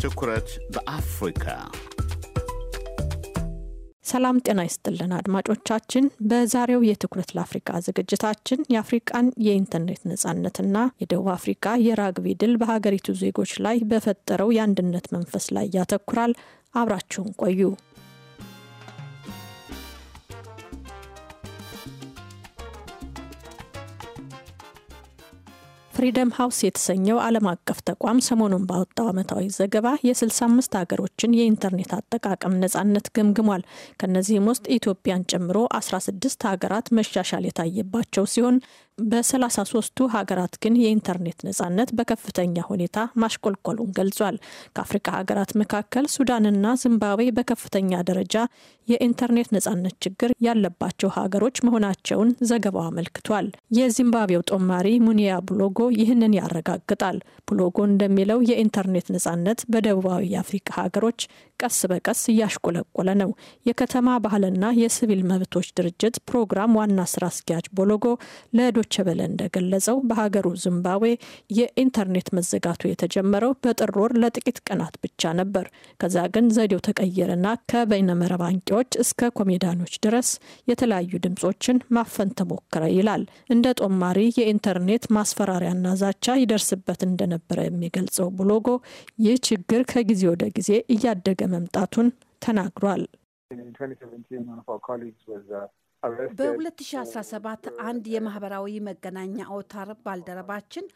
ትኩረት በአፍሪካ ሰላም ጤና ይስጥልን አድማጮቻችን። በዛሬው የትኩረት ለአፍሪካ ዝግጅታችን የአፍሪቃን የኢንተርኔት ነጻነትና የደቡብ አፍሪካ የራግቢ ድል በሀገሪቱ ዜጎች ላይ በፈጠረው የአንድነት መንፈስ ላይ ያተኩራል። አብራችሁን ቆዩ። ፍሪደም ሀውስ የተሰኘው ዓለም አቀፍ ተቋም ሰሞኑን ባወጣው ዓመታዊ ዘገባ የ65 ሀገሮችን የኢንተርኔት አጠቃቀም ነጻነት ገምግሟል። ከእነዚህም ውስጥ ኢትዮጵያን ጨምሮ 16 ሀገራት መሻሻል የታየባቸው ሲሆን በሰላሳ ሶስቱ ሀገራት ግን የኢንተርኔት ነጻነት በከፍተኛ ሁኔታ ማሽቆልቆሉን ገልጿል። ከአፍሪካ ሀገራት መካከል ሱዳንና ዚምባብዌ በከፍተኛ ደረጃ የኢንተርኔት ነጻነት ችግር ያለባቸው ሀገሮች መሆናቸውን ዘገባው አመልክቷል። የዚምባብዌው ጦማሪ ሙኒያ ብሎጎ ይህንን ያረጋግጣል። ብሎጎ እንደሚለው የኢንተርኔት ነጻነት በደቡባዊ የአፍሪካ ሀገሮች ቀስ በቀስ እያሽቆለቆለ ነው። የከተማ ባህልና የሲቪል መብቶች ድርጅት ፕሮግራም ዋና ስራ አስኪያጅ ቦሎጎ ለዶ ዶች በለ እንደገለጸው በሀገሩ ዚምባብዌ የኢንተርኔት መዘጋቱ የተጀመረው በጥር ወር ለጥቂት ቀናት ብቻ ነበር። ከዛ ግን ዘዴው ተቀየረና ከበይነመረብ አንቂዎች እስከ ኮሜዳኖች ድረስ የተለያዩ ድምጾችን ማፈን ተሞከረ ይላል። እንደ ጦማሪ የኢንተርኔት ማስፈራሪያና ዛቻ ይደርስበት እንደነበረ የሚገልጸው ብሎጎ ይህ ችግር ከጊዜ ወደ ጊዜ እያደገ መምጣቱን ተናግሯል። በ2017 አንድ የማህበራዊ መገናኛ አውታር ባልደረባችን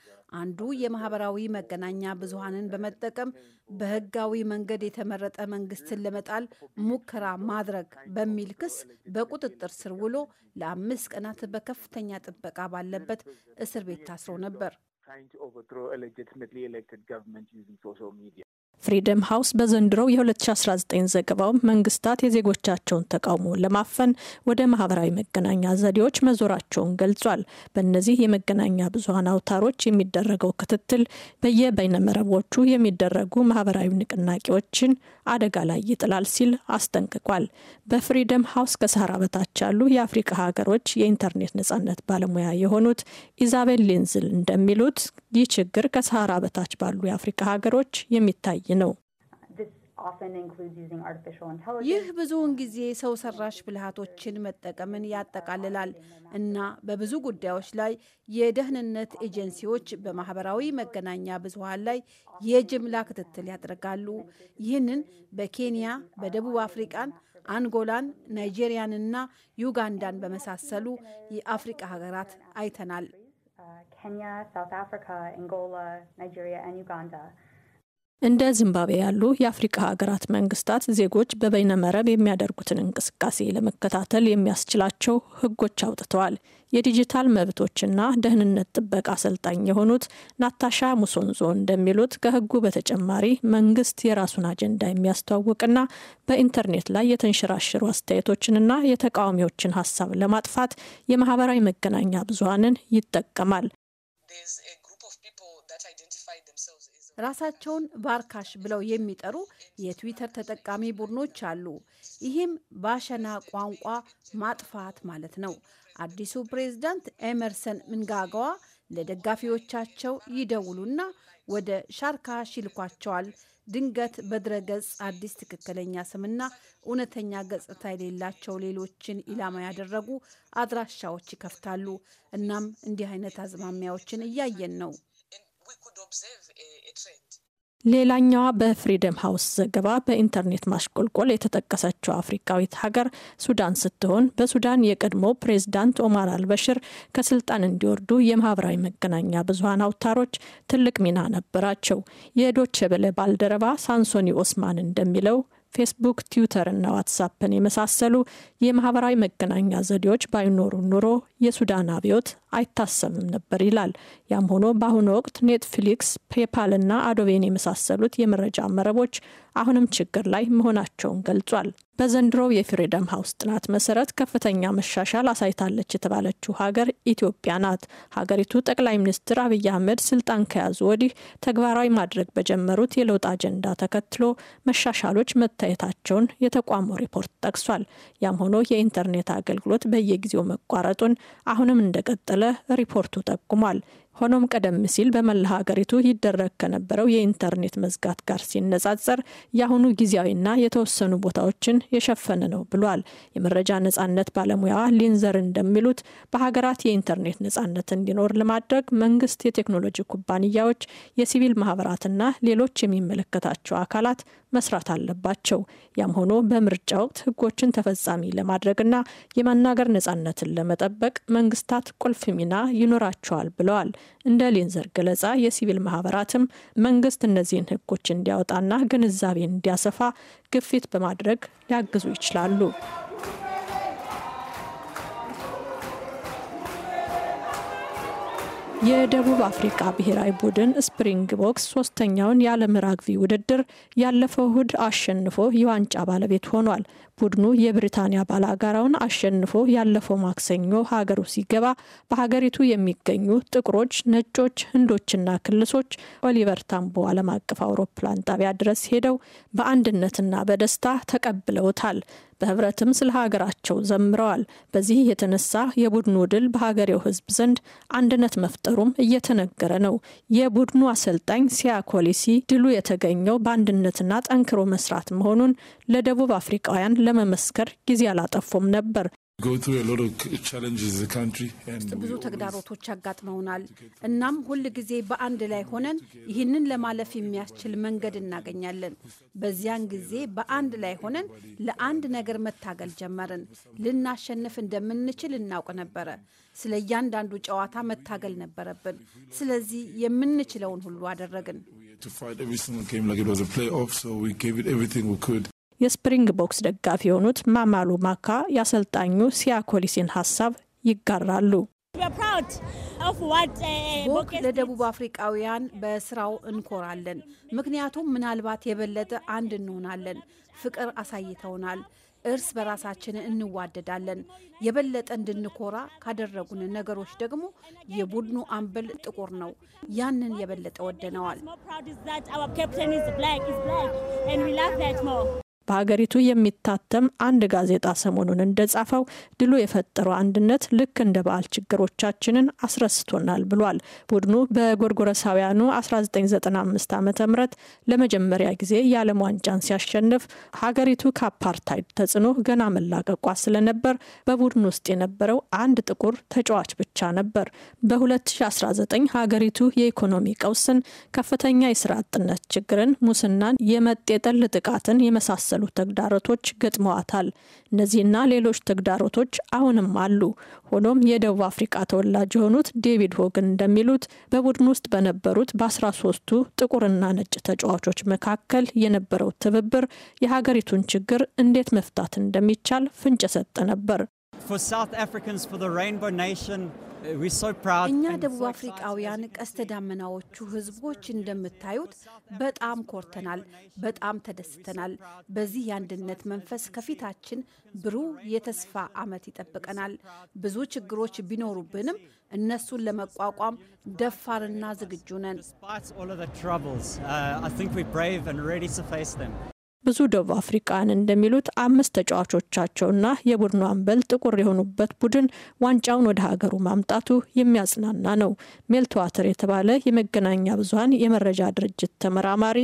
አንዱ የማህበራዊ መገናኛ ብዙሀንን በመጠቀም በህጋዊ መንገድ የተመረጠ መንግስትን ለመጣል ሙከራ ማድረግ በሚል ክስ በቁጥጥር ስር ውሎ ለአምስት ቀናት በከፍተኛ ጥበቃ ባለበት እስር ቤት ታስሮ ነበር። ፍሪደም ሀውስ በዘንድሮው የ2019 ዘገባው መንግስታት የዜጎቻቸውን ተቃውሞ ለማፈን ወደ ማህበራዊ መገናኛ ዘዴዎች መዞራቸውን ገልጿል። በእነዚህ የመገናኛ ብዙሀን አውታሮች የሚደረገው ክትትል በየበይነመረቦቹ የሚደረጉ ማህበራዊ ንቅናቄዎችን አደጋ ላይ ይጥላል ሲል አስጠንቅቋል። በፍሪደም ሀውስ ከሰሃራ በታች ያሉ የአፍሪካ ሀገሮች የኢንተርኔት ነጻነት ባለሙያ የሆኑት ኢዛቤል ሊንዝል እንደሚሉት ይህ ችግር ከሰሃራ በታች ባሉ የአፍሪካ ሀገሮች የሚታይ ነው። ይህ ብዙውን ጊዜ ሰው ሰራሽ ብልሃቶችን መጠቀምን ያጠቃልላል እና በብዙ ጉዳዮች ላይ የደህንነት ኤጀንሲዎች በማህበራዊ መገናኛ ብዙሃን ላይ የጅምላ ክትትል ያደርጋሉ። ይህንን በኬንያ በደቡብ አፍሪቃን፣ አንጎላን፣ ናይጄሪያንና ዩጋንዳን በመሳሰሉ የአፍሪቃ ሀገራት አይተናል። ኬንያ፣ ሳውት አፍሪካ፣ አንጎላ፣ ናይጄሪያ ዩጋንዳ እንደ ዚምባብዌ ያሉ የአፍሪካ ሀገራት መንግስታት ዜጎች በበይነመረብ የሚያደርጉትን እንቅስቃሴ ለመከታተል የሚያስችላቸው ህጎች አውጥተዋል። የዲጂታል መብቶችና ደህንነት ጥበቃ አሰልጣኝ የሆኑት ናታሻ ሙሶንዞ እንደሚሉት ከህጉ በተጨማሪ መንግስት የራሱን አጀንዳ የሚያስተዋውቅና በኢንተርኔት ላይ የተንሸራሸሩ አስተያየቶችንና የተቃዋሚዎችን ሀሳብ ለማጥፋት የማህበራዊ መገናኛ ብዙሀንን ይጠቀማል። ራሳቸውን ባርካሽ ብለው የሚጠሩ የትዊተር ተጠቃሚ ቡድኖች አሉ። ይህም ባሸና ቋንቋ ማጥፋት ማለት ነው። አዲሱ ፕሬዝዳንት ኤመርሰን ምንጋጋዋ ለደጋፊዎቻቸው ይደውሉና ወደ ሻርካሽ ይልኳቸዋል። ድንገት በድረገጽ አዲስ ትክክለኛ ስምና እውነተኛ ገጽታ የሌላቸው ሌሎችን ኢላማ ያደረጉ አድራሻዎች ይከፍታሉ። እናም እንዲህ አይነት አዝማሚያዎችን እያየን ነው። ሌላኛዋ በፍሪደም ሀውስ ዘገባ በኢንተርኔት ማሽቆልቆል የተጠቀሰችው አፍሪካዊት ሀገር ሱዳን ስትሆን በሱዳን የቀድሞ ፕሬዝዳንት ኦማር አልበሽር ከስልጣን እንዲወርዱ የማህበራዊ መገናኛ ብዙሀን አውታሮች ትልቅ ሚና ነበራቸው። የዶቸ ባልደረባ ሳንሶኒ ኦስማን እንደሚለው ፌስቡክ፣ ትዊተር እና ዋትሳፕን የመሳሰሉ የማህበራዊ መገናኛ ዘዴዎች ባይኖሩ ኑሮ የሱዳን አብዮት አይታሰብም ነበር ይላል። ያም ሆኖ በአሁኑ ወቅት ኔትፍሊክስ፣ ፔፓል እና አዶቤን የመሳሰሉት የመረጃ መረቦች አሁንም ችግር ላይ መሆናቸውን ገልጿል። በዘንድሮው የፍሪደም ሀውስ ጥናት መሰረት ከፍተኛ መሻሻል አሳይታለች የተባለችው ሀገር ኢትዮጵያ ናት። ሀገሪቱ ጠቅላይ ሚኒስትር አብይ አህመድ ስልጣን ከያዙ ወዲህ ተግባራዊ ማድረግ በጀመሩት የለውጥ አጀንዳ ተከትሎ መሻሻሎች መታየታቸውን የተቋሙ ሪፖርት ጠቅሷል። ያም ሆኖ የኢንተርኔት አገልግሎት በየጊዜው መቋረጡን አሁንም እንደቀጠለ ሪፖርቱ ጠቁሟል። ሆኖም ቀደም ሲል በመላ ሀገሪቱ ይደረግ ከነበረው የኢንተርኔት መዝጋት ጋር ሲነጻጸር የአሁኑ ጊዜያዊና የተወሰኑ ቦታዎችን የሸፈነ ነው ብሏል። የመረጃ ነጻነት ባለሙያዋ ሊንዘር እንደሚሉት በሀገራት የኢንተርኔት ነጻነት እንዲኖር ለማድረግ መንግስት፣ የቴክኖሎጂ ኩባንያዎች፣ የሲቪል ማህበራትና ሌሎች የሚመለከታቸው አካላት መስራት አለባቸው። ያም ሆኖ በምርጫ ወቅት ህጎችን ተፈጻሚ ለማድረግና የመናገር ነጻነትን ለመጠበቅ መንግስታት ቁልፍ ሚና ይኖራቸዋል ብለዋል። እንደ ሌንዘር ገለጻ የሲቪል ማህበራትም መንግስት እነዚህን ህጎች እንዲያወጣና ግንዛቤ እንዲያሰፋ ግፊት በማድረግ ሊያግዙ ይችላሉ። የደቡብ አፍሪካ ብሔራዊ ቡድን ስፕሪንግ ቦክስ ሶስተኛውን የዓለም ራግቢ ውድድር ያለፈው እሁድ አሸንፎ የዋንጫ ባለቤት ሆኗል። ቡድኑ የብሪታንያ ባላጋራውን አሸንፎ ያለፈው ማክሰኞ ሀገሩ ሲገባ በሀገሪቱ የሚገኙ ጥቁሮች፣ ነጮች፣ ህንዶችና ክልሶች ኦሊቨር ታምቦ ዓለም አቀፍ አውሮፕላን ጣቢያ ድረስ ሄደው በአንድነትና በደስታ ተቀብለውታል። በህብረትም ስለ ሀገራቸው ዘምረዋል። በዚህ የተነሳ የቡድኑ ድል በሀገሬው ህዝብ ዘንድ አንድነት መፍጠሩም እየተነገረ ነው። የቡድኑ አሰልጣኝ ኮሊሲ ድሉ የተገኘው በአንድነትና ጠንክሮ መስራት መሆኑን ለደቡብ አፍሪካውያን ለመመስከር ጊዜ አላጠፉም ነበር። ውስጥ ብዙ ተግዳሮቶች ያጋጥመውናል። እናም ሁል ጊዜ በአንድ ላይ ሆነን ይህንን ለማለፍ የሚያስችል መንገድ እናገኛለን። በዚያን ጊዜ በአንድ ላይ ሆነን ለአንድ ነገር መታገል ጀመርን። ልናሸንፍ እንደምንችል እናውቅ ነበረ። ስለ እያንዳንዱ ጨዋታ መታገል ነበረብን። ስለዚህ የምንችለውን ሁሉ አደረግን። የስፕሪንግ ቦክስ ደጋፊ የሆኑት ማማሉ ማካ የአሰልጣኙ ሲያኮሊሲን ሀሳብ ይጋራሉ። uh, ቦክ ለደቡብ አፍሪቃውያን በስራው እንኮራለን፣ ምክንያቱም ምናልባት የበለጠ አንድ እንሆናለን። ፍቅር አሳይተውናል። እርስ በራሳችን እንዋደዳለን። የበለጠ እንድንኮራ ካደረጉን ነገሮች ደግሞ የቡድኑ አምበል ጥቁር ነው። ያንን የበለጠ ወደነዋል። በሀገሪቱ የሚታተም አንድ ጋዜጣ ሰሞኑን እንደጻፈው ድሉ የፈጠረው አንድነት ልክ እንደ በዓል ችግሮቻችንን አስረስቶናል ብሏል። ቡድኑ በጎርጎረሳውያኑ 1995 ዓ ም ለመጀመሪያ ጊዜ የዓለም ዋንጫን ሲያሸንፍ ሀገሪቱ ከአፓርታይድ ተጽዕኖ ገና መላቀቋ ስለነበር በቡድኑ ውስጥ የነበረው አንድ ጥቁር ተጫዋች ብቻ ነበር። በ2019 ሀገሪቱ የኢኮኖሚ ቀውስን፣ ከፍተኛ የስራ አጥነት ችግርን፣ ሙስናን፣ የመጤጠል ጥቃትን የመሳሰሉ የመሳሰሉ ተግዳሮቶች ገጥመዋታል። እነዚህና ሌሎች ተግዳሮቶች አሁንም አሉ። ሆኖም የደቡብ አፍሪካ ተወላጅ የሆኑት ዴቪድ ሆግን እንደሚሉት በቡድን ውስጥ በነበሩት በአስራ ሶስቱ ጥቁርና ነጭ ተጫዋቾች መካከል የነበረው ትብብር የሀገሪቱን ችግር እንዴት መፍታት እንደሚቻል ፍንጭ ሰጠ ነበር። Uh, እኛ ደቡብ አፍሪቃውያን ቀስተ ዳመናዎቹ ህዝቦች እንደምታዩት በጣም ኮርተናል፣ በጣም ተደስተናል። በዚህ የአንድነት መንፈስ ከፊታችን ብሩህ የተስፋ ዓመት ይጠብቀናል። ብዙ ችግሮች ቢኖሩብንም እነሱን ለመቋቋም ደፋርና ዝግጁ ነን። ብዙ ደቡብ አፍሪካውያን እንደሚሉት አምስት ተጫዋቾቻቸውና የቡድኑ አንበል ጥቁር የሆኑበት ቡድን ዋንጫውን ወደ ሀገሩ ማምጣቱ የሚያጽናና ነው። ሜልትዋተር የተባለ የመገናኛ ብዙሀን የመረጃ ድርጅት ተመራማሪ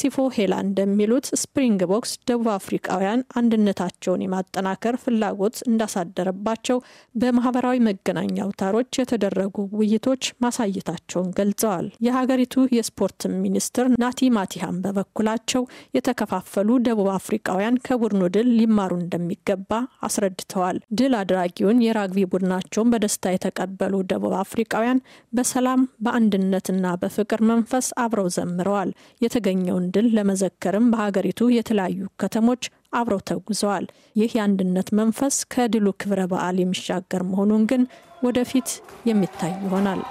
ሲፎ ሄላ እንደሚሉት ስፕሪንግ ቦክስ ደቡብ አፍሪካውያን አንድነታቸውን የማጠናከር ፍላጎት እንዳሳደረባቸው በማህበራዊ መገናኛ አውታሮች የተደረጉ ውይይቶች ማሳየታቸውን ገልጸዋል። የሀገሪቱ የስፖርት ሚኒስትር ናቲ ማቲሃም በበኩላቸው የተከፋፈሉ ደቡብ አፍሪካውያን ከቡድኑ ድል ሊማሩ እንደሚገባ አስረድተዋል። ድል አድራጊውን የራግቢ ቡድናቸውን በደስታ የተቀበሉ ደቡብ አፍሪካውያን በሰላም በአንድነትና በፍቅር መንፈስ አብረው ዘምረዋል። የተገኘውን ድል ለመዘከርም በሀገሪቱ የተለያዩ ከተሞች አብረው ተጉዘዋል። ይህ የአንድነት መንፈስ ከድሉ ክብረ በዓል የሚሻገር መሆኑን ግን ወደፊት የሚታይ ይሆናል።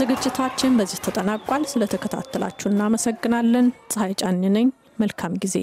ዝግጅታችን በዚህ ተጠናቋል። ስለተከታተላችሁ እናመሰግናለን። ፀሐይ ጫን ነኝ። መልካም ጊዜ